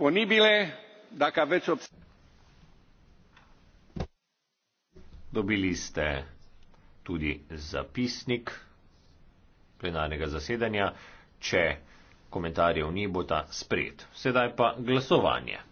disponibile da ga več dobili ste tudi zapisnik plenarnega zasedanja če komentarjev ni bo ta sprejet sedaj pa glasovanje